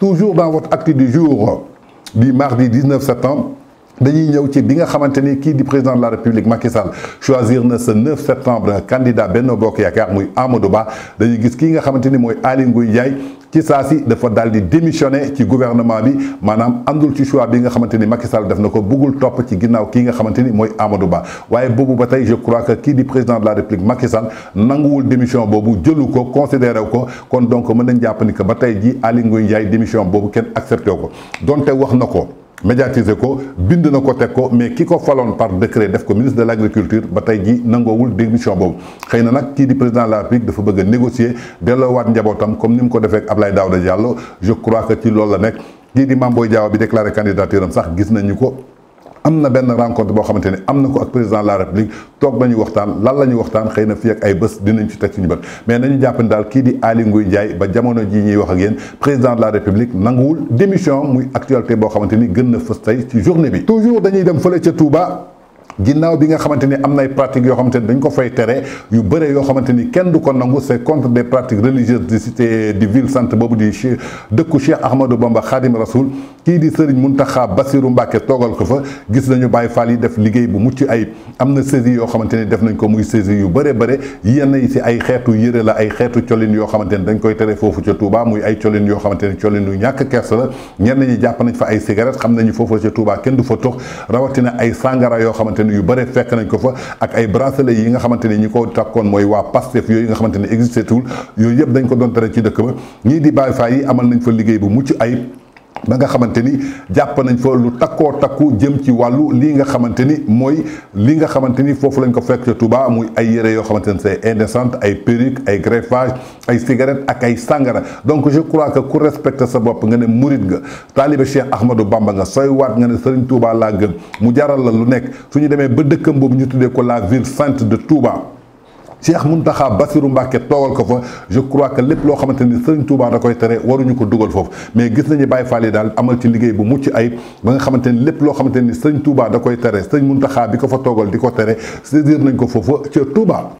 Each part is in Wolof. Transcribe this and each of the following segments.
Toujours dans votre acte du jour du mardi 19 septembre, dañuy ñëw ci bi nga xamante ni kii di président de la république Macky Sall choisir na ce 9 septembre candidat Benno Bokk Yaakaar muy Amadou Ba dañuy gis kii nga xamante ni mooy Aly Ngouille Ndiaye ci saa dafa daal di démissionné ci gouvernement bi maanaam andul ci choix bi nga xamante ni Macky Sall def na ko bëggul topp ci ginnaaw kii nga xamante ni mooy Amadou Ba waaye boobu ba tey je crois que kii di président de la république Macky Sall nanguwul démission boobu jëlu ko considéré ko kon donc mën nañ jàpp ni que ba tey ji Aly Ngouille Ndiaye démission boobu kenn accepté ko donte wax na ko médiatiser ko bind na ko tek ko mais kiko ko par décret def ko ministre de l'agriculture ba tay ji nangowul démission bobu xeyna nak ki di président de la République dafa bëgg négocier négocier wat njabootam comme nim ko def ak Ablaye Daouda Diallo je crois que ci lool la nek kii di Mame Diaw bi déclarer candidature sax gis nañu ko. am na benn rencontre boo xamante ne am na ko ak président de la république toog nañu waxtaan lan la ñu waxtaan xëy na fii ak ay bés dinañ ci teg suñu bët mais nañu jàpp ne daal kii di Aly Ngouille Ndiaye ba jamono jii ñuy wax ak yéen président la république nanguwul démission muy actualité boo xamante ni gën na fës tey ci journée bi toujours dañuy dem fële ca Touba. ginnaw bi nga xamanteni ni am nay pratiques yoo xamante dañ ko fay tere yu bëre yo xamanteni ni kenn du ko nangu c'est contre des pratiques religieuses de cité de ville sainte bobu di che dëkku Cheikh Ahmadou Bamba Khadim Rasoul ki di Serigne muntakha basirou mbake togal ko fa gis nañu bay Fall yi def liggéey bu mucc ayib amna saisie yo xamanteni def nañ ko muy saisie yu bëre bëre yenn ci ay xeetu yëre la ay xeetu cholin yo xamanteni dañ koy tere fofu ci Touba muy ay cholin yo xamanteni cholin yu ñak kess la ñen ñi jàpp nañ fa ay cigarette xam nañu foofu ca Touba kenn du fa tok rawatina ay sangara yo xamante xamante ne yu bare fekk nañ ko fa ak ay bracelet yi nga xamante ne ñi ko takkoon mooy waa Pastef yooyu nga xamante ne existé tul yooyu yëpp dañ ko doon tere ci dëkk ba ñii di Baay Faay yi amal nañ fa liggéey bu mucc ayib ba nga xamante ni jàpp nañ fa lu takkoo takku jëm ci wàllu lii nga xamante ni mooy li nga xamante ni foofu lañ ko fekk ca Touba muy ay yére yoo xamante ni c'est indécente ay perruque ay greffage ay cigarette ak ay sàngara donc je crois que ku respecte sa bopp nga ne murit nga taalibe Cheikh Ahmadou Bamba nga sooy waat nga ne Serigne Touba laa gëm mu jaral la lu nekk su ñu demee ba dëkkam boobu ñu tuddee ko la ville sainte de Touba Cheikh Mountakha Bassirou Mbacké toogal ko fa je crois que lépp loo xamante ni Serigne Touba da koy tere waruñu ko dugal foofu mais gis nañu Baye Fall yi daal amal ci liggéey bu mucc ayib ba nga xamante ni lépp loo xamante ni Serigne Touba da koy tere Serigne Mountakha bi ko fa toogal di ko tere saisir nañ ko foofa ca Touba.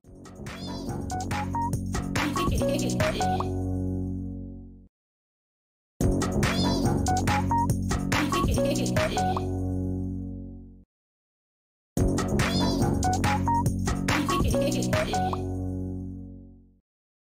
Thank you. Yeah.